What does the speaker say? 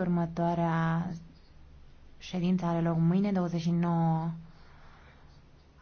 Următoarea ședință are loc mâine, 29